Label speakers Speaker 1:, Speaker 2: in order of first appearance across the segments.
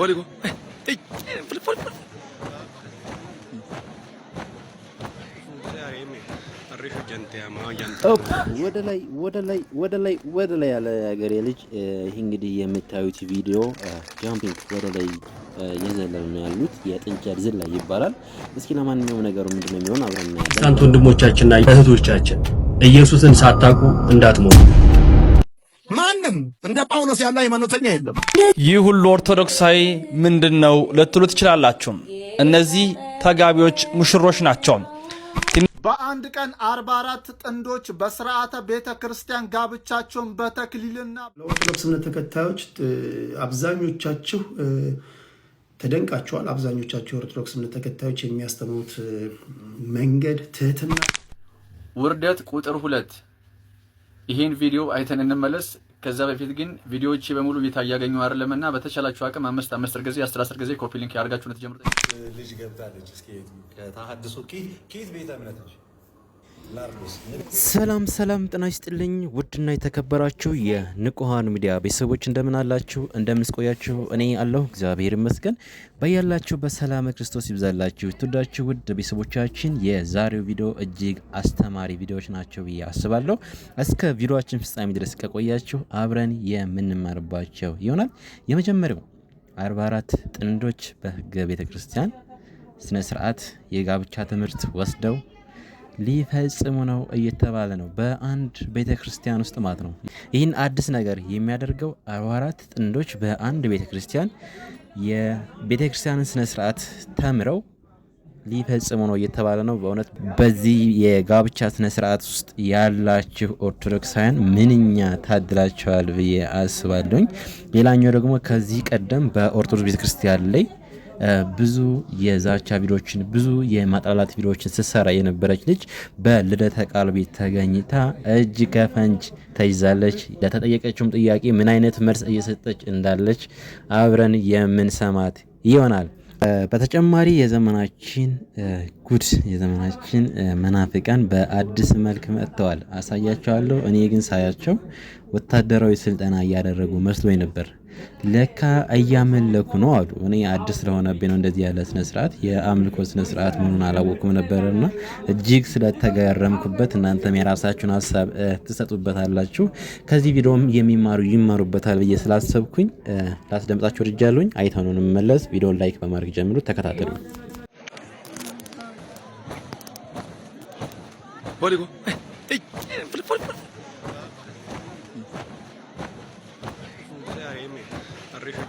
Speaker 1: 버리고.
Speaker 2: ወደ ላይ ወደ ላይ ወደ ላይ ወደ ላይ ያለ ሀገሬ ልጅ ይህ እንግዲህ የምታዩት ቪዲዮ ጃምፒንግ ወደ ላይ የዘለሉ ነው ያሉት የጥንቸል ዝላይ ይባላል። እስኪ ለማንኛውም ነገሩ ምንድነው የሚሆን አብረን
Speaker 3: እናያለን። ወንድሞቻችንና እህቶቻችን ኢየሱስን ሳታውቁ እንዳትሞቱ
Speaker 4: እንደ ጳውሎስ ያለ ሃይማኖተኛ የለም።
Speaker 3: ይህ ሁሉ ኦርቶዶክሳዊ ምንድን ነው ልትሉ ትችላላችሁ። እነዚህ ተጋቢዎች ሙሽሮች ናቸው።
Speaker 5: በአንድ ቀን አርባ አራት ጥንዶች በስርዓተ ቤተ ክርስቲያን ጋብቻቸውን በተክሊልና
Speaker 6: ለኦርቶዶክስ እምነት ተከታዮች አብዛኞቻችሁ ተደንቃችኋል። አብዛኞቻችሁ ኦርቶዶክስ እምነት ተከታዮች የሚያስተምሩት መንገድ ትህትና፣
Speaker 7: ውርደት ቁጥር ሁለት ይህን ቪዲዮ አይተን እንመለስ። ከዛ በፊት ግን ቪዲዮዎች በሙሉ ቤታ እያገኙ አይደለም እና በተቻላችሁ አቅም አምስት አምስት ጊዜ አስር አስር ጊዜ ኮፒ ሊንክ ያደርጋችሁ ነው። ልጅ ገብታለች። እስኪ ከተሀድሶ
Speaker 3: ኬት ቤተ እምነት ነች ሰላም ሰላም፣ ጤና ይስጥልኝ ውድና የተከበራችሁ የንቁሃን ሚዲያ ቤተሰቦች እንደምን አላችሁ? እንደምን እኔ አለሁ እግዚአብሔር ይመስገን። በያላችሁ በሰላም ክርስቶስ ይብዛላችሁ። ትወዳችሁ ውድ ቤተሰቦቻችን፣ የዛሬው ቪዲዮ እጅግ አስተማሪ ቪዲዮዎች ናቸው ብዬ አስባለሁ። እስከ ቪዲዮችን ፍጻሜ ድረስ ከቆያችሁ አብረን የምንማርባቸው ይሆናል። የመጀመሪያው 44 ጥንዶች በህገ ቤተክርስቲያን ስነ ስርዓት የጋብቻ ትምህርት ወስደው ሊፈጽሙ ነው እየተባለ ነው በአንድ ቤተ ክርስቲያን ውስጥ ማለት ነው። ይህን አዲስ ነገር የሚያደርገው አራት ጥንዶች በአንድ ቤተ ክርስቲያን የቤተ ክርስቲያንን ስነ ስርዓት ተምረው ሊፈጽሙ ነው እየተባለ ነው። በእውነት በዚህ የጋብቻ ስነ ስርዓት ውስጥ ያላችሁ ኦርቶዶክሳውያን ምንኛ ታድላችኋል ብዬ አስባለሁኝ። ሌላኛው ደግሞ ከዚህ ቀደም በኦርቶዶክስ ቤተክርስቲያን ላይ ብዙ የዛቻ ቪዲዮችን ብዙ የማጥላላት ቪዲዮችን ስትሰራ የነበረች ልጅ በልደተ ቃል ቤት ተገኝታ እጅ ከፈንጅ ተይዛለች። ለተጠየቀችውም ጥያቄ ምን አይነት መልስ እየሰጠች እንዳለች አብረን የምንሰማት ይሆናል። በተጨማሪ የዘመናችን ጉድ የዘመናችን መናፍቃን በአዲስ መልክ መጥተዋል። አሳያቸዋለሁ። እኔ ግን ሳያቸው ወታደራዊ ስልጠና እያደረጉ መስሎኝ ነበር። ለካ እያመለኩ ነው አሉ። እኔ አዲስ ስለሆነብኝ ነው እንደዚህ ያለ ስነስርዓት የአምልኮ ስነስርዓት መሆኑን አላወኩም ነበርና እጅግ ስለተገረምኩበት እናንተም የራሳችሁን ሀሳብ ትሰጡበታላችሁ ከዚህ ቪዲዮም የሚማሩ ይማሩበታል ብዬ ስላሰብኩኝ ላስደምጣችሁ ወድጃለሁኝ። አይተነው እንመለስ። ቪዲዮን ላይክ በማድረግ ጀምሩ፣ ተከታተሉ። ፖሊጎ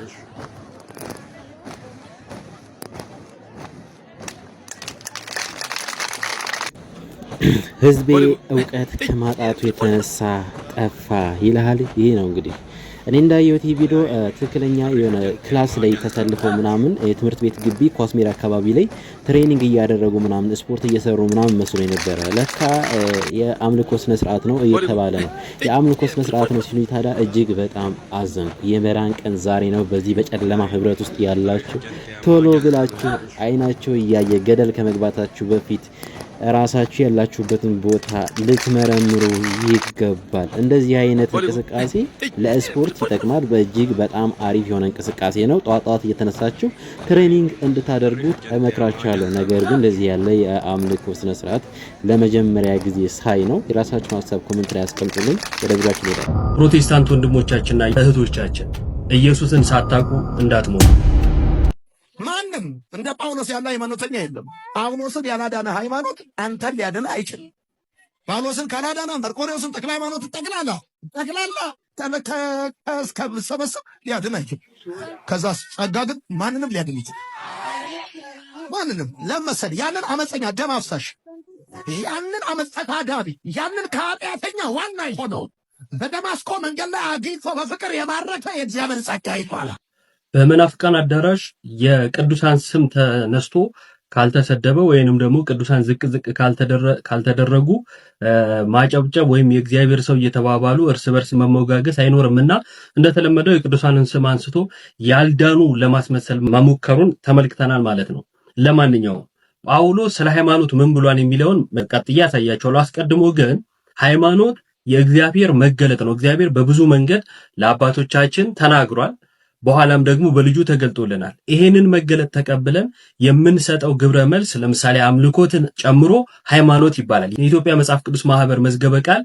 Speaker 3: አሪፍ ህዝቤ እውቀት ከማጣቱ የተነሳ ጠፋ ይልሃል። ይሄ ነው እንግዲህ እኔ እንዳየሁት ይህ ቪዲዮ ትክክለኛ የሆነ ክላስ ላይ ተሰልፎ ምናምን የትምህርት ቤት ግቢ ኳስሜዳ አካባቢ ላይ ትሬኒንግ እያደረጉ ምናምን ስፖርት እየሰሩ ምናምን መስሎ የነበረ ለካ የአምልኮ ስነ ስርዓት ነው እየተባለ ነው። የአምልኮ ስነ ስርዓት ነው ሲሉ ታዲያ እጅግ በጣም አዘን። የመራን ቀን ዛሬ ነው። በዚህ በጨለማ ህብረት ውስጥ ያላችሁ ቶሎ ብላችሁ አይናቸው እያየ ገደል ከመግባታችሁ በፊት ራሳችሁ ያላችሁበትን ቦታ ልትመረምሩ ይገባል። እንደዚህ አይነት እንቅስቃሴ ለስፖርት ይጠቅማል። በእጅግ በጣም አሪፍ የሆነ እንቅስቃሴ ነው። ጠዋት ጠዋት እየተነሳችሁ ትሬኒንግ እንድታደርጉት እመክራችኋለሁ። ነገር ግን እንደዚህ ያለ የአምልኮ ስነስርዓት ለመጀመሪያ ጊዜ ሳይ ነው። የራሳችሁን ሀሳብ ኮሜንት ላይ ያስቀምጡልኝ። ወደ ቪዲዮችን ፕሮቴስታንት ወንድሞቻችንና እህቶቻችን ኢየሱስን ሳታውቁ እንዳትሞቱ
Speaker 4: ማንም እንደ ጳውሎስ ያለ ሃይማኖተኛ የለም። ጳውሎስን ያላዳነ ሃይማኖት አንተን ሊያድን አይችልም። ጳውሎስን ካላዳና መርቆሬዎስን ጠቅላ ሃይማኖት ጠቅላላ ጠቅላላ ከሰበሰብ ሊያድን አይችልም። ከዛ ጸጋ ግን ማንንም ሊያድን ይችል ማንንም ለመሰል ያንን አመፀኛ ደም አፍሳሽ ያንን አመፀ ታዳቢ ያንን ከኃጢአተኛ ዋና የሆነው በደማስቆ መንገድ ላይ አግኝቶ በፍቅር የማረከ የእግዚአብሔር ጸጋ ይባላል።
Speaker 3: በመናፍቃን አዳራሽ የቅዱሳን ስም ተነስቶ ካልተሰደበ ወይንም ደግሞ ቅዱሳን ዝቅ ዝቅ ካልተደረጉ ማጨብጨብ ወይም የእግዚአብሔር ሰው እየተባባሉ እርስ በርስ መሞጋገስ እና እንደተለመደው የቅዱሳንን ስም አንስቶ ያልዳኑ ለማስመሰል መሞከሩን ተመልክተናል ማለት ነው። ለማንኛውም ጳውሎስ ስለ ሃይማኖት ምን ብሏን የሚለውን ቀጥዬ ያሳያቸዋለሁ። አስቀድሞ ግን ሃይማኖት የእግዚአብሔር መገለጥ ነው። እግዚአብሔር በብዙ መንገድ ለአባቶቻችን ተናግሯል። በኋላም ደግሞ በልጁ ተገልጦልናል። ይሄንን መገለጥ ተቀብለን የምንሰጠው ግብረ መልስ ለምሳሌ አምልኮትን ጨምሮ ሃይማኖት ይባላል። የኢትዮጵያ መጽሐፍ ቅዱስ ማህበር መዝገበ ቃል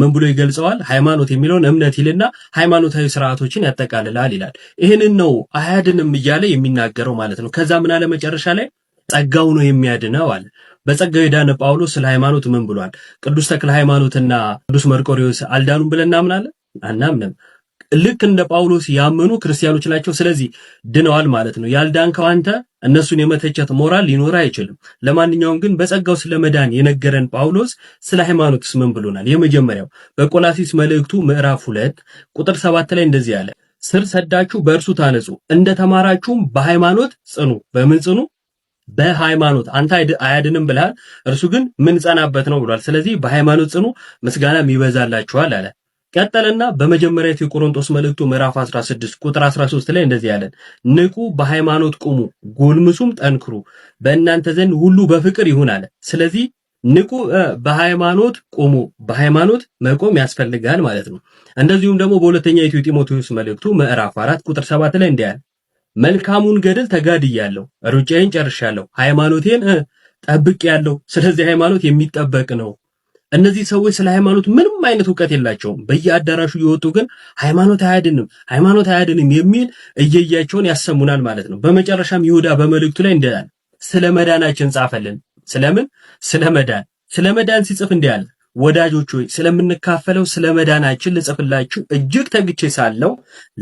Speaker 3: ምን ብሎ ይገልጸዋል? ሃይማኖት የሚለውን እምነት ይልና ሃይማኖታዊ ስርዓቶችን ያጠቃልላል ይላል። ይህንን ነው አያድንም እያለ የሚናገረው ማለት ነው። ከዛ ምን አለ መጨረሻ ላይ ጸጋው ነው የሚያድነው አለ። በጸጋው የዳነ ጳውሎስ ስለ ሃይማኖት ምን ብሏል? ቅዱስ ተክለ ሃይማኖትና ቅዱስ መርቆሪዎስ አልዳኑም ብለን እናምናለን አናምንም። ልክ እንደ ጳውሎስ ያመኑ ክርስቲያኖች ናቸው። ስለዚህ ድነዋል ማለት ነው። ያልዳንከው አንተ እነሱን የመተቸት ሞራል ሊኖር አይችልም። ለማንኛውም ግን በጸጋው ስለመዳን የነገረን ጳውሎስ ስለ ሃይማኖትስ ምን ብሎናል? የመጀመሪያው በቆላሲስ መልእክቱ ምዕራፍ ሁለት ቁጥር ሰባት ላይ እንደዚህ አለ፣ ስር ሰዳችሁ በእርሱ ታነጹ፣ እንደ ተማራችሁም በሃይማኖት ጽኑ። በምን ጽኑ? በሃይማኖት አንተ አያድንም ብለሃል፣ እርሱ ግን ምን ጸናበት ነው ብሏል። ስለዚህ በሃይማኖት ጽኑ፣ ምስጋናም ይበዛላችኋል አለ። ቀጠለና በመጀመሪያ የቆሮንቶስ መልእክቱ ምዕራፍ 16 ቁጥር 13 ላይ እንደዚህ ያለን፣ ንቁ፣ በሃይማኖት ቁሙ፣ ጎልምሱም፣ ጠንክሩ፣ በእናንተ ዘንድ ሁሉ በፍቅር ይሁን አለ። ስለዚህ ንቁ፣ በሃይማኖት ቁሙ፣ በሃይማኖት መቆም ያስፈልጋል ማለት ነው። እንደዚሁም ደግሞ በሁለተኛ ጢሞቴዎስ መልእክቱ ምዕራፍ 4 ቁጥር 7 ላይ እንዲህ መልካሙን ገድል ተጋድያለሁ፣ ሩጫዬን ጨርሻለሁ፣ ሃይማኖቴን ያለው። ስለዚህ ሃይማኖት የሚጠበቅ ነው እነዚህ ሰዎች ስለ ሃይማኖት ምንም አይነት እውቀት የላቸውም። በየአዳራሹ እየወጡ ግን ሃይማኖት አያድንም፣ ሃይማኖት አያድንም የሚል እየያቸውን ያሰሙናል ማለት ነው። በመጨረሻም ይሁዳ በመልእክቱ ላይ እንዳለ ስለ መዳናችን ጻፈልን። ስለምን? ስለ መዳን። ስለ መዳን ሲጽፍ እንዳለ ወዳጆች ሆይ ስለምንካፈለው ስለ መዳናችን ልጽፍላችሁ እጅግ ተግቼ ሳለው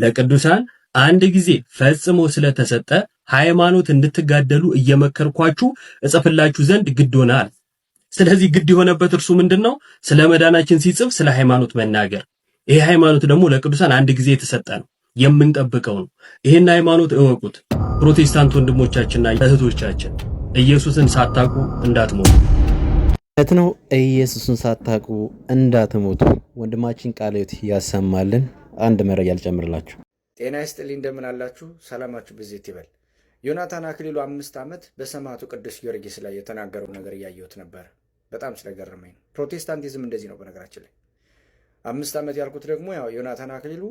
Speaker 3: ለቅዱሳን አንድ ጊዜ ፈጽሞ ስለተሰጠ ሃይማኖት እንድትጋደሉ እየመከርኳችሁ እጽፍላችሁ ዘንድ ግድ ስለዚህ ግድ የሆነበት እርሱ ምንድን ነው? ስለ መዳናችን ሲጽፍ ስለ ሃይማኖት መናገር። ይሄ ሃይማኖት ደግሞ ለቅዱሳን አንድ ጊዜ የተሰጠ ነው፣ የምንጠብቀው ነው። ይህን ሃይማኖት እወቁት። ፕሮቴስታንት ወንድሞቻችንና እህቶቻችን ኢየሱስን ሳታቁ እንዳትሞቱ ነት ነው። ኢየሱስን ሳታቁ እንዳትሞቱ። ወንድማችን ቃለ ሕይወት ያሰማልን። አንድ መረጃ ልጨምርላችሁ።
Speaker 8: ጤና ይስጥልኝ፣ እንደምን አላችሁ? ሰላማችሁ ብዜት ይበል። ዮናታን አክሊሉ አምስት ዓመት በሰማዕቱ ቅዱስ ጊዮርጊስ ላይ የተናገረው ነገር እያየሁት ነበር። በጣም ስለገረመኝ ነው። ፕሮቴስታንቲዝም እንደዚህ ነው። በነገራችን ላይ አምስት ዓመት ያልኩት ደግሞ ያው ዮናታን አክሊሉ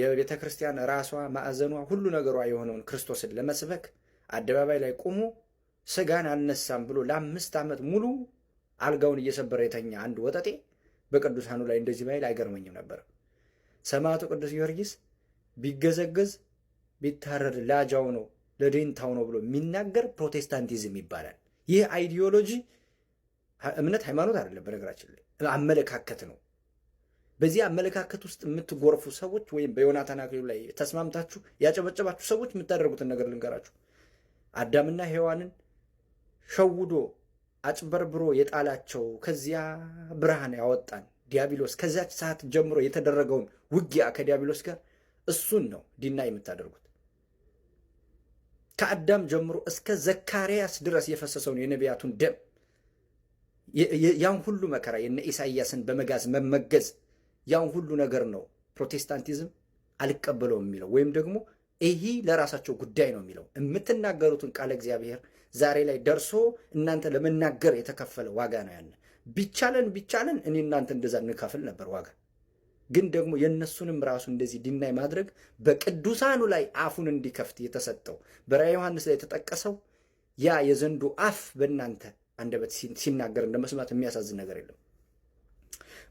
Speaker 8: የቤተ ክርስቲያን ራሷ ማዕዘኗ ሁሉ ነገሯ የሆነውን ክርስቶስን ለመስበክ አደባባይ ላይ ቆሞ ስጋን አልነሳም ብሎ ለአምስት ዓመት ሙሉ አልጋውን እየሰበረ የተኛ አንድ ወጠጤ በቅዱሳኑ ላይ እንደዚህ ባይል አይገርመኝም ነበር። ሰማዕቱ ቅዱስ ጊዮርጊስ ቢገዘገዝ ቢታረድ ላጃው ነው ለዴንታው ነው ብሎ የሚናገር ፕሮቴስታንቲዝም ይባላል። ይህ አይዲዮሎጂ እምነት ሃይማኖት አይደለም፣ በነገራችን ላይ አመለካከት ነው። በዚህ አመለካከት ውስጥ የምትጎርፉ ሰዎች ወይም በዮናታን አክሊሉ ላይ ተስማምታችሁ ያጨበጨባችሁ ሰዎች የምታደርጉትን ነገር ልንገራችሁ። አዳምና ሔዋንን ሸውዶ አጭበርብሮ የጣላቸው ከዚያ ብርሃን ያወጣን ዲያብሎስ ከዚያች ሰዓት ጀምሮ የተደረገውን ውጊያ ከዲያብሎስ ጋር እሱን ነው ዲና የምታደርጉት። ከአዳም ጀምሮ እስከ ዘካርያስ ድረስ የፈሰሰውን የነቢያቱን ደም ያን ሁሉ መከራ የነ ኢሳይያስን በመጋዝ መመገዝ ያን ሁሉ ነገር ነው ፕሮቴስታንቲዝም አልቀበለውም የሚለው ወይም ደግሞ ይህ ለራሳቸው ጉዳይ ነው የሚለው የምትናገሩትን ቃለ እግዚአብሔር ዛሬ ላይ ደርሶ እናንተ ለመናገር የተከፈለ ዋጋ ነው ያለ። ቢቻለን ቢቻለን እኔ እናንተ እንደዛ እንከፍል ነበር ዋጋ። ግን ደግሞ የእነሱንም ራሱ እንደዚህ ድናይ ማድረግ በቅዱሳኑ ላይ አፉን እንዲከፍት የተሰጠው በራ ዮሐንስ ላይ የተጠቀሰው ያ የዘንዱ አፍ በእናንተ አንደበት ሲናገር እንደመስማት የሚያሳዝን ነገር የለም።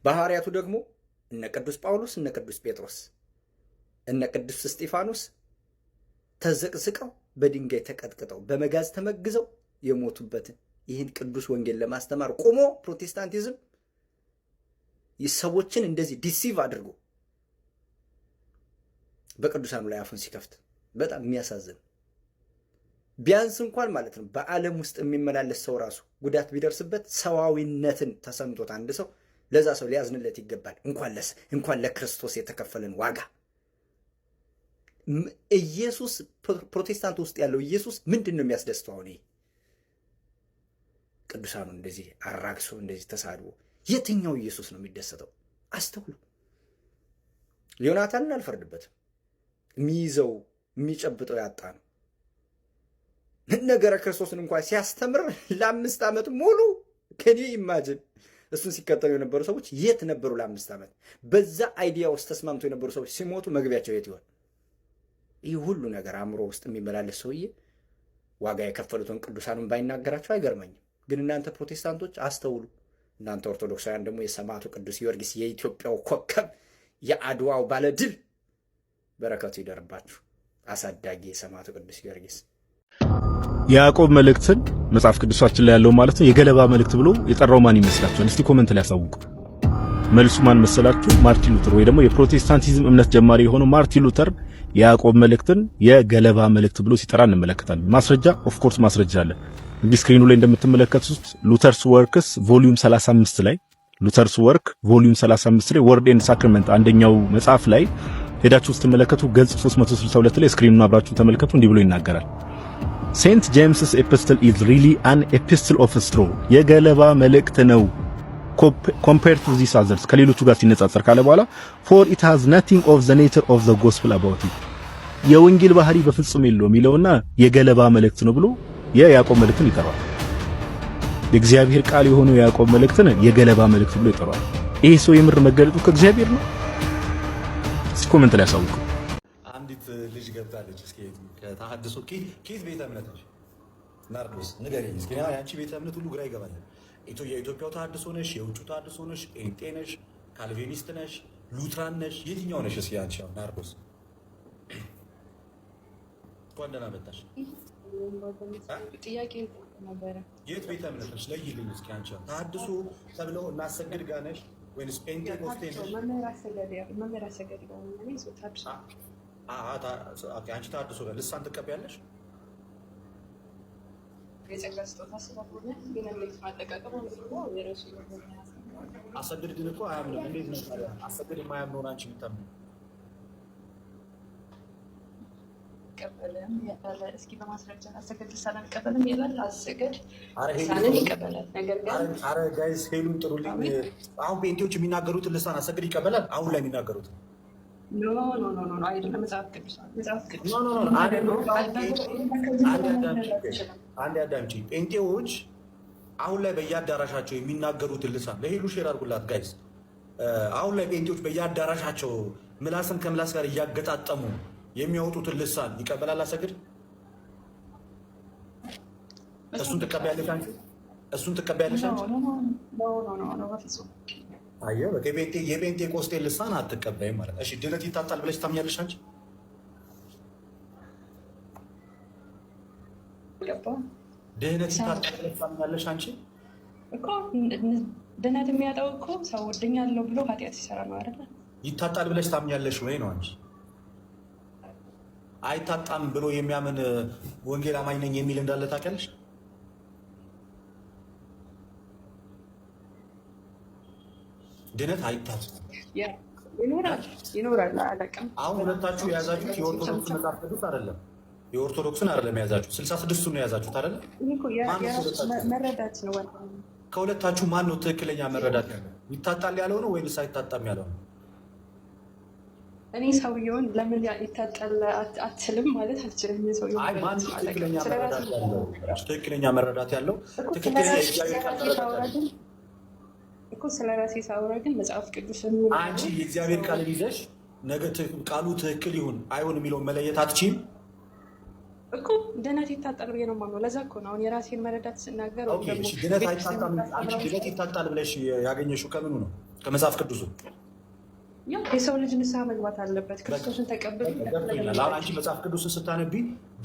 Speaker 8: በሐዋርያቱ ደግሞ እነ ቅዱስ ጳውሎስ፣ እነ ቅዱስ ጴጥሮስ፣ እነ ቅዱስ እስጢፋኖስ ተዘቅዝቀው በድንጋይ ተቀጥቅጠው በመጋዝ ተመግዘው የሞቱበትን ይህን ቅዱስ ወንጌል ለማስተማር ቆሞ ፕሮቴስታንቲዝም ሰዎችን እንደዚህ ዲሲቭ አድርጎ በቅዱሳኑ ላይ አፉን ሲከፍት በጣም የሚያሳዝን ቢያንስ እንኳን ማለት ነው በዓለም ውስጥ የሚመላለስ ሰው ራሱ ጉዳት ቢደርስበት ሰዋዊነትን ተሰምቶት አንድ ሰው ለዛ ሰው ሊያዝንለት ይገባል። እንኳን ለክርስቶስ የተከፈለን ዋጋ ኢየሱስ ፕሮቴስታንት ውስጥ ያለው ኢየሱስ ምንድን ነው የሚያስደስተው? አሁን ቅዱሳኑ እንደዚህ አራግሶ እንደዚህ ተሳድቦ የትኛው ኢየሱስ ነው የሚደሰተው? አስተውሉ። ዮናታንን አልፈርድበትም። የሚይዘው የሚጨብጠው ያጣ ነው። ነገረ ክርስቶስን እንኳን ሲያስተምር ለአምስት ዓመት ሙሉ ከኔ ይማጅን እሱን ሲከተሉ የነበሩ ሰዎች የት ነበሩ? ለአምስት ዓመት በዛ አይዲያ ውስጥ ተስማምቶ የነበሩ ሰዎች ሲሞቱ መግቢያቸው የት ይሆን? ይህ ሁሉ ነገር አእምሮ ውስጥ የሚመላለስ ሰውዬ ዋጋ የከፈሉትን ቅዱሳኑን ባይናገራቸው አይገርመኝም። ግን እናንተ ፕሮቴስታንቶች አስተውሉ። እናንተ ኦርቶዶክሳውያን ደግሞ የሰማዕቱ ቅዱስ ጊዮርጊስ የኢትዮጵያው ኮከብ የአድዋው ባለድል በረከቱ ይደርባችሁ። አሳዳጊ የሰማዕቱ ቅዱስ ጊዮርጊስ
Speaker 3: የያዕቆብ መልእክትን መጽሐፍ ቅዱሳችን ላይ ያለው ማለት ነው የገለባ መልእክት ብሎ የጠራው ማን ይመስላችኋል? እስቲ ኮመንት ላይ ያሳውቁ። መልሱ ማን መሰላችሁ? ማርቲን ሉተር ወይ ደግሞ የፕሮቴስታንቲዝም እምነት ጀማሪ የሆነው ማርቲን ሉተር የያዕቆብ መልእክትን የገለባ መልእክት ብሎ ሲጠራ እንመለከታለን። ማስረጃ ኦፍ ኮርስ ማስረጃ አለ። እንግዲህ ስክሪኑ ላይ እንደምትመለከቱት ሉተርስ ወርክስ ቮሊዩም 35 ላይ ሉተርስ ወርክ ቮሊዩም 35 ላይ ወርድ ኤንድ ሳክራመንት አንደኛው መጽሐፍ ላይ ሄዳችሁ ስትመለከቱ ገጽ 362 ላይ ስክሪኑን አብራችሁ ተመልከቱ። እንዲህ ብሎ ይናገራል ሴንት ጄምስስ ኤፕስትል ኢዝ ሪሊ አን ኤፒስትል ኦፍ ስትሮ የገለባ መልእክት ነው። ኮምፔር ቱ ዚስ አዘርስ ከሌሎቹ ጋር ሲነጻጸር ካለ በኋላ ፎር ኢት ሃዝ ናቲንግ ኦፍ ዘ ኔቸር ኦፍ ዘ ጎስፕል አባውት የወንጌል ባህሪ በፍጹም የለው የሚለውና የገለባ መልእክት ነው ብሎ የያዕቆብ መልእክትን ይጠራዋል። የእግዚአብሔር ቃል የሆነው የያዕቆብ መልእክትን የገለባ መልእክት ብሎ ይጠራዋል። ይሄ ሰው የምር መገለጡ ከእግዚአብሔር ነው። እስኪ ኮመንት ላይ ያሳውቁ።
Speaker 9: ተሐድሶ ኬት ቤተ እምነት ነሽ? ናርዶስ ንገሪኝ እስኪ። ያቺ ቤተ እምነት ሁሉ ግራ ይገባኛል። የኢትዮጵያው ተሐድሶ ነሽ? የውጩ ተሐድሶ ነሽ? ኤንጤ ነሽ? ካልቬኒስት ነሽ? ሉትራን ነሽ? የትኛው ነሽ? እስኪ አንቺ ናርዶስ እንኳን ደህና መጣሽ። የት ቤተ እምነት ነሽ? ለይልኝ እስኪ አንቺ። ተሐድሶ ተብለው እናሰግድ ጋር ነሽ ወይንስ ፔንቴኮስቴ ነሽ? አንቺ ታድሶ ልሳን ትቀበያለሽ? ግን የራሱ አሰግድ ግን እኮ አያምንም። እንዴት ነው አሰግድ የማያምነውን አንቺ የምታምነው?
Speaker 10: እስኪ በማስረጃ አሰግድ ይላል። አሰግድ ይቀበላል። ነገር
Speaker 9: ግን ጋይስ ሄሉን ጥሩልኝ። አሁን ጴንጤዎች የሚናገሩትን ልሳን አሰግድ ይቀበላል። አሁን ላይ የሚናገሩትን አይደለም አንድ አዳምጪ። ጴንጤዎች አሁን ላይ በየአዳራሻቸው የሚናገሩትን ልሳን ለሄሉ ሼር አድርጉላት አሁን ላይ ጴንጤዎች በየአዳራሻቸው ምላስን ከምላስ ጋር እያገጣጠሙ የሚያወጡትን ልሳን ይቀበላል። አሰግድ እሱን ትቀበያለሽ አንቺ? እሱን ትቀበያለሽ አንቺ? አየህ የጴንጤቆስጤ ልሳን አትቀበይም ማለት እሺ። ድነት ይታጣል ብለሽ ታምኛለሽ አንቺ? ድህነት ይታጣል አንቺ?
Speaker 10: እኮ ድህነት የሚያጠው እኮ ሰው ድኛለሁ ብሎ ኃጢአት ይሰራ ነው አይደለ?
Speaker 9: ይታጣል ብለሽ ታምኛለሽ ወይ ነው አንቺ? አይታጣም ብሎ የሚያምን ወንጌል አማኝ ነኝ የሚል እንዳለ ታውቂያለሽ? ድነት አይታት
Speaker 10: ይኖራል ይኖራል።
Speaker 9: አላውቅም። አሁን ሁለታችሁ የያዛችሁት የኦርቶዶክስ መጽሐፍ ቅዱስ አይደለም። የኦርቶዶክስን አይደለም የያዛችሁት፣ ስልሳ ስድስቱን ነው የያዛችሁት አይደለም።
Speaker 10: መረዳት ነው
Speaker 9: ከሁለታችሁ ማን ነው ትክክለኛ መረዳት ያለው? ይታጣል ያለው ነው ወይንስ አይታጣም ያለው ነው?
Speaker 10: እኔ ሰውየውን ለምን ይታጣል አትልም ማለት አልችልም።
Speaker 9: ትክክለኛ መረዳት ያለው
Speaker 10: ትክክለኛ እኮ ስለ ራሴ ሳውራ ግን መጽሐፍ ቅዱስ
Speaker 9: አንቺ የእግዚአብሔር ቃል ይዘሽ ነገ ቃሉ ትክክል ይሁን አይሁን የሚለውን መለየት አትችም
Speaker 10: እኮ ድነት ይታጣል ብዬ ነው ማ ለዛ እኮ ነው አሁን የራሴን መረዳት ስናገር
Speaker 9: ድነት ይታጣል ብለሽ ያገኘሽው ከምኑ ነው? ከመጽሐፍ ቅዱሱ
Speaker 10: የሰው ልጅ ንስሐ መግባት አለበት። ክርስቶስን ተቀብል።
Speaker 9: አንቺ መጽሐፍ ቅዱስ ስታነቢ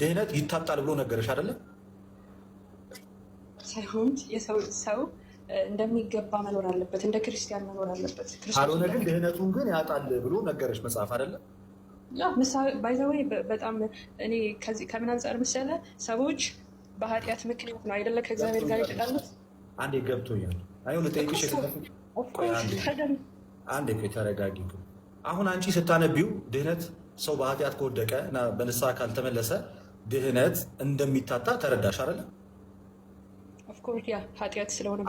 Speaker 9: ድህነት ይታጣል ብሎ ነገረሽ አይደለም?
Speaker 10: ሳይሆን የሰው ሰው እንደሚገባ መኖር አለበት፣ እንደ ክርስቲያን መኖር አለበት።
Speaker 9: ካልሆነ ግን ድህነቱን ግን ያጣል ብሎ ነገረች መጽሐፍ አይደለም
Speaker 10: ባይዘወይ በጣም እኔ ከዚህ ከምን አንጻር መሰለ ሰዎች በኃጢአት ምክንያት ነው አይደለ ከእግዚአብሔር ጋር የተጣሉት።
Speaker 9: አንዴ ገብቶኛል። አይ ልጠይቅሽ አንዴ ተረጋጊ። አሁን አንቺ ስታነቢው ድህነት ሰው በኃጢአት ከወደቀ እና በንስሐ ካልተመለሰ ድህነት እንደሚታጣ ተረዳሽ አይደለም?
Speaker 10: ኦፍኮርስ ያ ኃጢአት ስለሆነ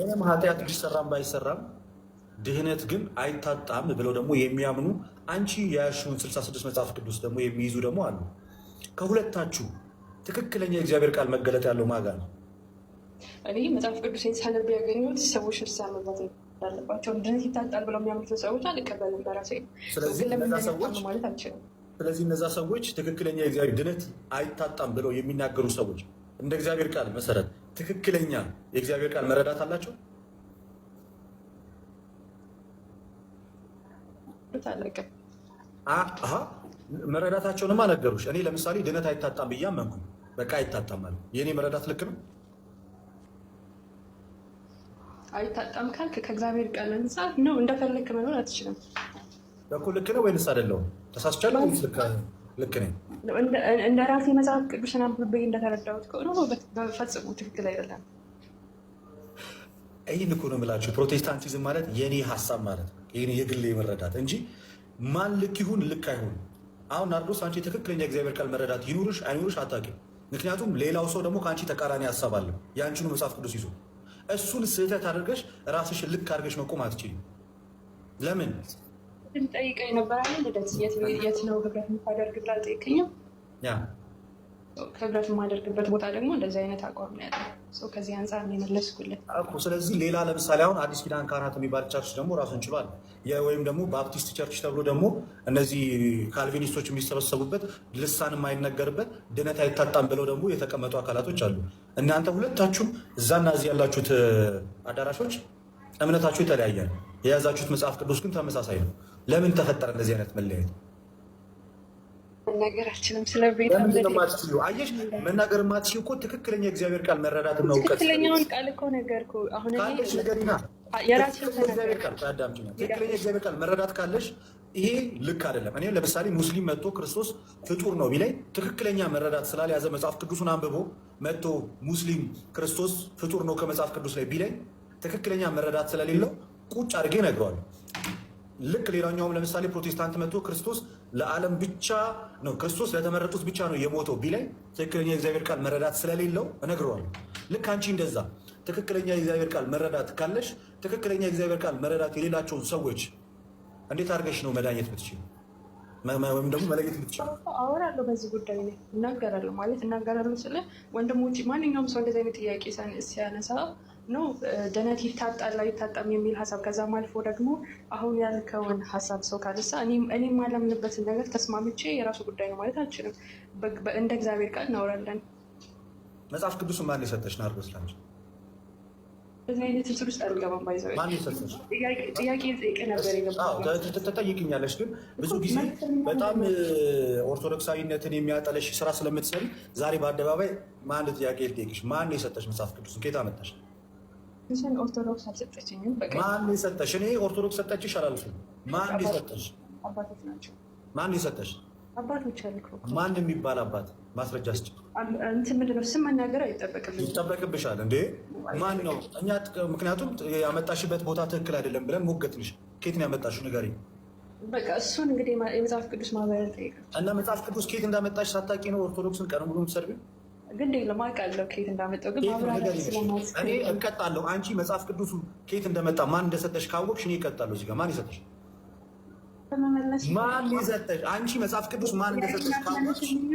Speaker 9: ምንም ኃጢአት ቢሰራም ባይሰራም ድህነት ግን አይታጣም ብለው ደግሞ የሚያምኑ አንቺ የያሽውን 66 መጽሐፍ ቅዱስ ደግሞ የሚይዙ ደግሞ አሉ። ከሁለታችሁ ትክክለኛ የእግዚአብሔር ቃል መገለጥ ያለው ማጋ ነው?
Speaker 10: እኔ መጽሐፍ ቅዱስ ሳነብ ያገኘሁት ሰዎች ንስሐ መግባት እንዳለባቸው ድህነት ይታጣል ብለው የሚያምኑትን ሰዎች አልቀበልም በራሴ።
Speaker 9: ስለዚህ እነዛ ሰዎች ትክክለኛ የእግዚአብሔር ድህነት አይታጣም ብለው የሚናገሩ ሰዎች እንደ እግዚአብሔር ቃል መሰረት ትክክለኛ የእግዚአብሔር ቃል መረዳት አላቸው። መረዳታቸውንማ ነገሮች እኔ ለምሳሌ ድነት አይታጣም ብዬ አመንኩ። በቃ አይታጣም አለ። የእኔ መረዳት ልክ ነው።
Speaker 10: አይታጣም ካልክ ከእግዚአብሔር ቃል አንጻር ነው። እንደፈለክ መኖር አትችልም
Speaker 9: በኩል ልክ ነው ወይንስ አይደለሁም? ተሳስቻለሁ ወይንስ ልክ ልክ ነኝ።
Speaker 10: እንደ ራሴ መጽሐፍ ቅዱስን አንብቤ እንደተረዳሁት ከሆነ በፈጽሞ ትክክል አይደለም።
Speaker 9: ይህን እኮ ነው የምላችሁ። ፕሮቴስታንቲዝም ማለት የኔ ሀሳብ ማለት ነው፣ የግሌ መረዳት እንጂ ማን ልክ ይሁን ልክ አይሁን። አሁን ናርዶስ አንቺ ትክክለኛ እግዚአብሔር ቃል መረዳት ይኑርሽ አይኑርሽ አታውቂም። ምክንያቱም ሌላው ሰው ደግሞ ከአንቺ ተቃራኒ ሀሳብ አለ የአንቺኑ መጽሐፍ ቅዱስ ይዞ እሱን ስህተት አድርገሽ ራስሽ ልክ አድርገሽ መቆም አትችልም። ለምን
Speaker 10: ልጠይቀኝ ነበር አለ ልደት የት ነው ህብረት የምታደርግ ብላ ህብረት የማደርግበት ቦታ ደግሞ እንደዚህ አይነት አቋም ነው ያለው። ከዚህ አንጻር ነው የመለስኩልን።
Speaker 9: ስለዚህ ሌላ ለምሳሌ አሁን አዲስ ኪዳን ካህናት የሚባል ቸርች ደግሞ ራሱን ችሏል። ወይም ደግሞ ባፕቲስት ቸርች ተብሎ ደግሞ እነዚህ ካልቪኒስቶች የሚሰበሰቡበት ልሳን የማይነገርበት ድነት አይታጣም ብለው ደግሞ የተቀመጡ አካላቶች አሉ። እናንተ ሁለታችሁም እዛና እዚህ ያላችሁት አዳራሾች እምነታችሁ የተለያየ ነው። የያዛችሁት መጽሐፍ ቅዱስ ግን ተመሳሳይ ነው። ለምን ተፈጠረ እንደዚህ አይነት መለያየት?
Speaker 10: ነገራችንም
Speaker 9: አየሽ፣ መናገር የማትችይው እኮ ትክክለኛ እግዚአብሔር ቃል መረዳት
Speaker 10: ነው። ትክክለኛውን ቃል እኮ
Speaker 9: ትክክለኛ እግዚአብሔር ቃል መረዳት ካለሽ ይሄ ልክ አይደለም። እኔ ለምሳሌ ሙስሊም መጥቶ ክርስቶስ ፍጡር ነው ቢላይ ትክክለኛ መረዳት ስላልያዘ መጽሐፍ ቅዱሱን አንብቦ መጥቶ ሙስሊም ክርስቶስ ፍጡር ነው ከመጽሐፍ ቅዱስ ላይ ቢላይ ትክክለኛ መረዳት ስለሌለው ቁጭ አድርጌ እነግረዋለሁ። ልክ ሌላኛውም ለምሳሌ ፕሮቴስታንት መጥቶ ክርስቶስ ለዓለም ብቻ ነው ክርስቶስ ለተመረጡት ብቻ ነው የሞተው ቢላይ ትክክለኛ የእግዚአብሔር ቃል መረዳት ስለሌለው እነግረዋለሁ። ልክ አንቺ እንደዛ ትክክለኛ የእግዚአብሔር ቃል መረዳት ካለሽ ትክክለኛ የእግዚአብሔር ቃል መረዳት የሌላቸውን ሰዎች እንዴት አድርገሽ ነው መዳኘት ምትችል ወይም ደግሞ መለየት ምትችል?
Speaker 10: አወራለሁ በዚህ ጉዳይ ላይ እናገራለሁ ማለት እናገራለሁ ስለ ወንድሞች ማንኛውም ሰው እንደዚህ አይነት ጥያቄ ሲያነሳ ነው ድነት ይታጣል አይታጣም የሚል ሀሳብ ከዛም አልፎ ደግሞ አሁን ያልከውን ሀሳብ ሰው ካነሳ እኔም አላምንበትን ነገር ተስማምቼ የራሱ ጉዳይ ነው ማለት አልችልም። እንደ እግዚአብሔር ቃል እናወራለን።
Speaker 9: መጽሐፍ ቅዱስ ማን የሰጠች ናርዶስ? ላንቺ
Speaker 10: እዚህ አይነት እንትን ውስጥ አልገባም። ባይዘው ጥያቄ ጠይቄ ነበር
Speaker 9: ትጠይቅኛለሽ። ግን ብዙ ጊዜ በጣም ኦርቶዶክሳዊነትን የሚያጠለሽ ስራ ስለምትሰሪ ዛሬ በአደባባይ ማን ጥያቄ ልጠይቅሽ፣ ማን የሰጠች መጽሐፍ ቅዱስ? ከየት አመጣሽ?
Speaker 10: ን ኦርቶዶክስ አልሰጠችኝም።
Speaker 9: ማን የሰጠሽ? እኔ ኦርቶዶክስ ሰጠችሽ አላልኩም። ማን የሰጠሽ? አባቶች ናቸው። ማን የሰጠሽ? አባቶች አልኩ። ማን የሚባል አባት? ማስረጃ ስጭ። እንትን ምንድን ነው ስም መናገር አይጠበቅብኝ ይጠበቅብሻል እንዴ? ማን ነው እኛ? ምክንያቱም ያመጣሽበት ቦታ ትክክል አይደለም ብለን ሞገትንሽ። ከየት ያመጣሽው? ንገሪኝ። በቃ እሱን እንግዲህ የመጽሐፍ ቅዱስ ማብራሪያ ጠይቀ እና መጽሐፍ ቅዱስ ከየት እንዳመጣሽ ሳታቂ ነው ኦርቶዶክስን ቀን ሙሉ የምትሰድቢው ግን የለም አውቃለሁ እንዳመጣው ግን ማብራሪያ እኔ እቀጣለሁ። አንቺ መጽሐፍ ቅዱሱ ኬት እንደመጣ ማን እንደሰጠሽ ካወቅሽ እኔ እቀጣለሁ። እዚህ ጋር ማን ይሰጠሽ? ማን ይሰጠሽ? አንቺ መጽሐፍ ቅዱስ ማን እንደሰጠሽ ካወቅሽ እኔ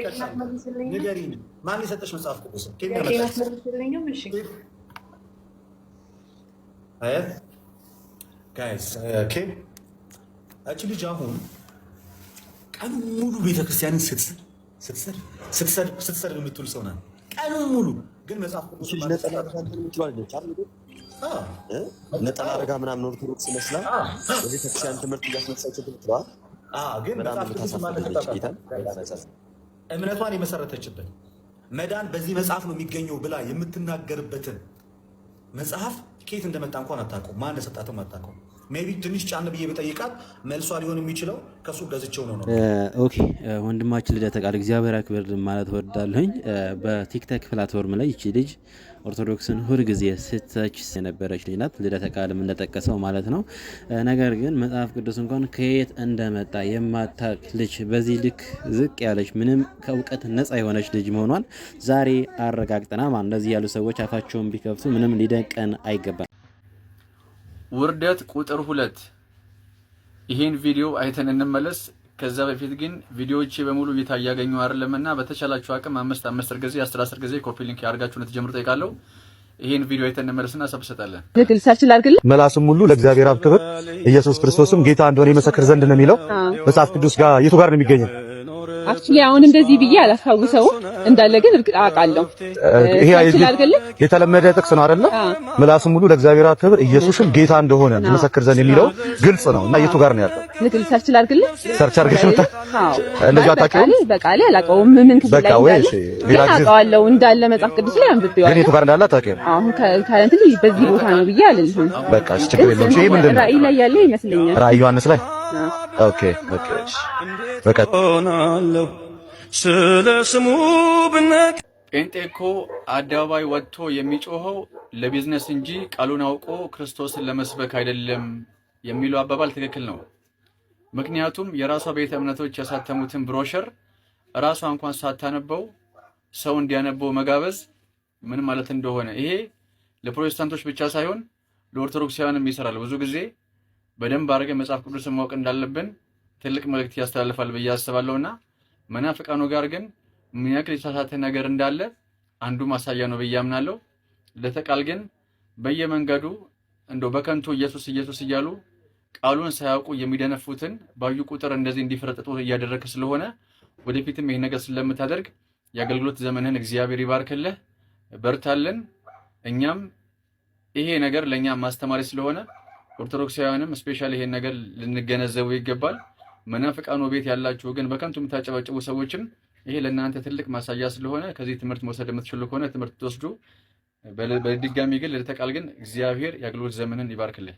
Speaker 9: እቀጣለሁ። ንገሪኝ፣ ማን ይሰጠሽ መጽሐፍ ቅዱስ? ጋይስ እቺ ልጅ አሁን ቀን ሙሉ ቤተክርስቲያንን ስትስል ስትሰድብ የምትውል ሰው ናት። ቀኑን ሙሉ ግን ነጠላ አድርጋ ምናምን ኦርቶዶክስ ቤተክርስቲያን ትምህርት እምነቷን የመሰረተችበት መዳን በዚህ መጽሐፍ ነው የሚገኘው ብላ የምትናገርበትን መጽሐፍ ኬት እንደመጣ እንኳን አታውቀውም። ማን አታውቀውም። ሜቢ ትንሽ ጫን ብዬ መልሷ ሊሆን የሚችለው ከሱ ነው ነው። ኦኬ ወንድማችን ልደተ ቃል እግዚአብሔር አክብር ማለት ወዳለሁኝ። በቲክቶክ ፕላትፎርም ላይ ይቺ ልጅ ኦርቶዶክስን ሁልጊዜ ስተች የነበረች ልጅ ናት፣ ልደተ ቃልም እንደጠቀሰው ማለት ነው። ነገር ግን መጽሐፍ ቅዱስ እንኳን ከየት እንደመጣ የማታቅ ልጅ በዚህ ልክ ዝቅ ያለች ምንም ከእውቀት ነፃ የሆነች ልጅ መሆኗን ዛሬ አረጋግጠናል። ማ እንደዚህ ያሉ ሰዎች አፋቸውን ቢከፍቱ ምንም ሊደቀን አይገባል። ውርደት ቁጥር ሁለት ይሄን ቪዲዮ አይተን እንመለስ። ከዛ በፊት ግን ቪዲዮዎቼ በሙሉ እይታ እያገኙ አይደለምና በተቻላችሁ አቅም አምስት አምስት ጊዜ አስር አስር ጊዜ ኮፒ ሊንክ ያርጋችሁ እንድትጀምሩ ጠይቃለሁ። ይሄን ቪዲዮ አይተን እንመለስና ሰብሰታለን። መላስም ሁሉ ለእግዚአብሔር አብ ክብር ኢየሱስ ክርስቶስም ጌታ እንደሆነ ይመሰክር ዘንድ ነው የሚለው መጽሐፍ ቅዱስ ጋር የቱ ጋር ነው የሚገኘው? አክቹሊ አሁን እንደዚህ ብዬ አላስታውሰውም እንዳለ ግን እርግጥ አውቃለሁ። ይሄ የተለመደ ጥቅስ ነው አይደለ? ምላስም ሁሉ ለእግዚአብሔር ክብር ኢየሱስም ጌታ እንደሆነ መሰክር ዘንድ የሚለው ግልጽ ነው እና የቱ ጋር ነው ያለው? ሰርች ላድርግልህ። ሰርች እንደዚህ ምን እንዳለ ቅዱስ ላይ የቱ ጋር እንዳለ አሁን በዚህ ቦታ ነው ብዬ በቃ ላይ ያለ ይመስለኛል። ዮሐንስ ላይ ሆናለሁ ስለ ስሙ ብነክ ጴንጤ አደባባይ ወጥቶ የሚጮኸው ለቢዝነስ እንጂ ቃሉን አውቆ ክርስቶስን ለመስበክ አይደለም የሚለው አባባል ትክክል ነው። ምክንያቱም የራሷ ቤተ እምነቶች ያሳተሙትን ብሮሸር ራሷ እንኳን ሳታነበው ሰው እንዲያነበው መጋበዝ ምን ማለት እንደሆነ ይሄ ለፕሮቴስታንቶች ብቻ ሳይሆን ለኦርቶዶክሳውያንም ይሰራል ብዙ ጊዜ በደንብ አድርገን መጽሐፍ ቅዱስን ማወቅ እንዳለብን ትልቅ መልእክት ያስተላልፋል ብዬ አስባለሁ እና መናፍቃኑ ጋር ግን ምን ያክል የተሳሳተ ነገር እንዳለ አንዱ ማሳያ ነው ብዬ አምናለሁ። ለተቃል ግን በየመንገዱ እንደው በከንቱ ኢየሱስ ኢየሱስ እያሉ ቃሉን ሳያውቁ የሚደነፉትን ባዩ ቁጥር እንደዚህ እንዲፈረጥጡ እያደረግ ስለሆነ ወደፊትም ይህ ነገር ስለምታደርግ የአገልግሎት ዘመንህን እግዚአብሔር ይባርክልህ። በርታልን። እኛም ይሄ ነገር ለእኛ ማስተማሪ ስለሆነ ኦርቶዶክሳውያንም ስፔሻል ይሄን ነገር ልንገነዘቡ ይገባል። መናፍቃኑ ቤት ያላችሁ ግን በከንቱ የምታጨባጭቡ ሰዎችም ይሄ ለእናንተ ትልቅ ማሳያ ስለሆነ ከዚህ ትምህርት መውሰድ የምትችሉ ከሆነ ትምህርት ትወስዱ። በድጋሚ ግን ልተቃል ግን እግዚአብሔር የአገልግሎት ዘመንን ይባርክልን።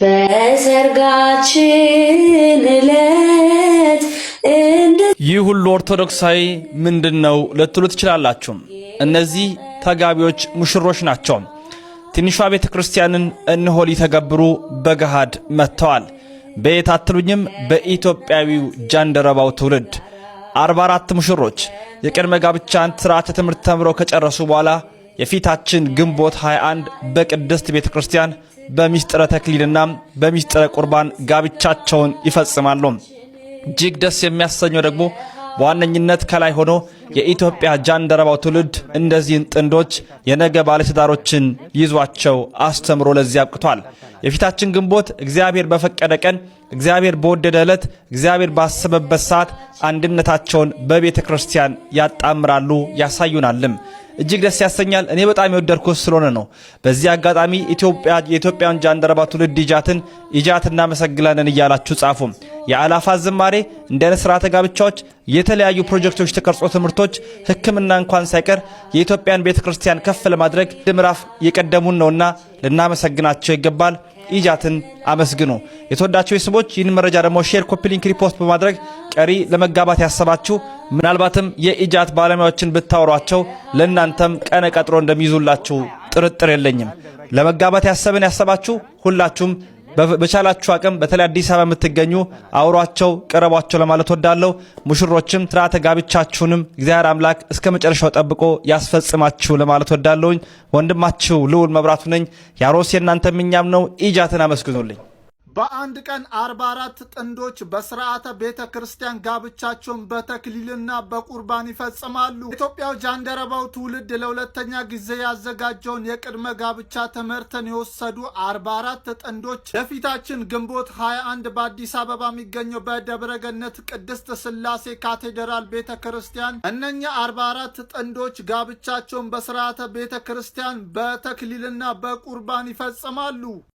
Speaker 9: በሰርጋችን ዕለት ይህ ሁሉ ኦርቶዶክሳዊ ምንድን ነው ልትሉ ትችላላችሁ። እነዚህ ተጋቢዎች ሙሽሮች ናቸው። ትንሿ ቤተ ክርስቲያንን እንሆ ሊተገብሩ በገሃድ መጥተዋል። በየት አትሉኝም? በኢትዮጵያዊው ጃንደረባው ትውልድ 44 ሙሽሮች የቅድመ ጋብቻን ሥርዓተ ትምህርት ተምረው ከጨረሱ በኋላ የፊታችን ግንቦት 21 በቅድስት ቤተ ክርስቲያን በሚስጥረ ተክሊልና በሚስጥረ ቁርባን ጋብቻቸውን ይፈጽማሉ። እጅግ ደስ የሚያሰኘው ደግሞ በዋነኝነት ከላይ ሆኖ የኢትዮጵያ ጃንደረባው ትውልድ እነዚህን ጥንዶች የነገ ባለትዳሮችን ይዟቸው አስተምሮ ለዚህ አብቅቷል። የፊታችን ግንቦት እግዚአብሔር በፈቀደ ቀን፣ እግዚአብሔር በወደደ ዕለት፣ እግዚአብሔር ባሰበበት ሰዓት አንድነታቸውን በቤተ ክርስቲያን ያጣምራሉ ያሳዩናልም። እጅግ ደስ ያሰኛል። እኔ በጣም የወደድኩት ስለሆነ ነው። በዚህ አጋጣሚ የኢትዮጵያን ጃንደረባ ትውልድ ይጃትን ይጃት እናመሰግናለን እያላችሁ ጻፉ የአላፋ ዝማሬ እንደ ስርዓተ ጋብቻዎች፣ የተለያዩ ፕሮጀክቶች ተቀርጾ ትምህርቶች፣ ሕክምና እንኳን ሳይቀር የኢትዮጵያን ቤተ ክርስቲያን ከፍ ለማድረግ ምዕራፍ የቀደሙን ነውና ልናመሰግናቸው ይገባል። ኢጃትን አመስግኑ። የተወዳቸው ስሞች ይህን መረጃ ደግሞ ሼር፣ ኮፒ ሪፖርት በማድረግ ቀሪ ለመጋባት ያሰባችሁ ምናልባትም የኢጃት ባለሙያዎችን ብታወሯቸው ለእናንተም ቀነ ቀጥሮ እንደሚይዙላችሁ ጥርጥር የለኝም። ለመጋባት ያሰብን ያሰባችሁ ሁላችሁም በቻላችሁ አቅም በተለይ አዲስ አበባ የምትገኙ አውሯቸው፣ ቅረቧቸው ለማለት ወዳለሁ። ሙሽሮችም ስርዓተ ጋብቻችሁንም እግዚአብሔር አምላክ እስከ መጨረሻው ጠብቆ ያስፈጽማችሁ ለማለት ወዳለሁኝ። ወንድማችሁ ልዑል መብራቱ ነኝ። ያሮስ የእናንተ እኛም ነው። ኢጃትን አመስግኑልኝ። በአንድ ቀን አርባ ጥንዶች በስርዓተ ቤተ ክርስቲያን ጋብቻቸውን በተክሊልና በቁርባን ይፈጽማሉ። ኢትዮጵያው ጃንደረባው ትውልድ ለሁለተኛ ጊዜ ያዘጋጀውን የቅድመ ጋብቻ ትምህርትን የወሰዱ አርባ ጥንዶች የፊታችን ግንቦት 21 በአዲስ አበባ የሚገኘው በደብረገነት ቅድስት ስላሴ ካቴድራል ቤተ ክርስቲያን እነኛ 44 ጥንዶች ጋብቻቸውን በስርዓተ ቤተ ክርስቲያን በተክሊልና በቁርባን ይፈጽማሉ።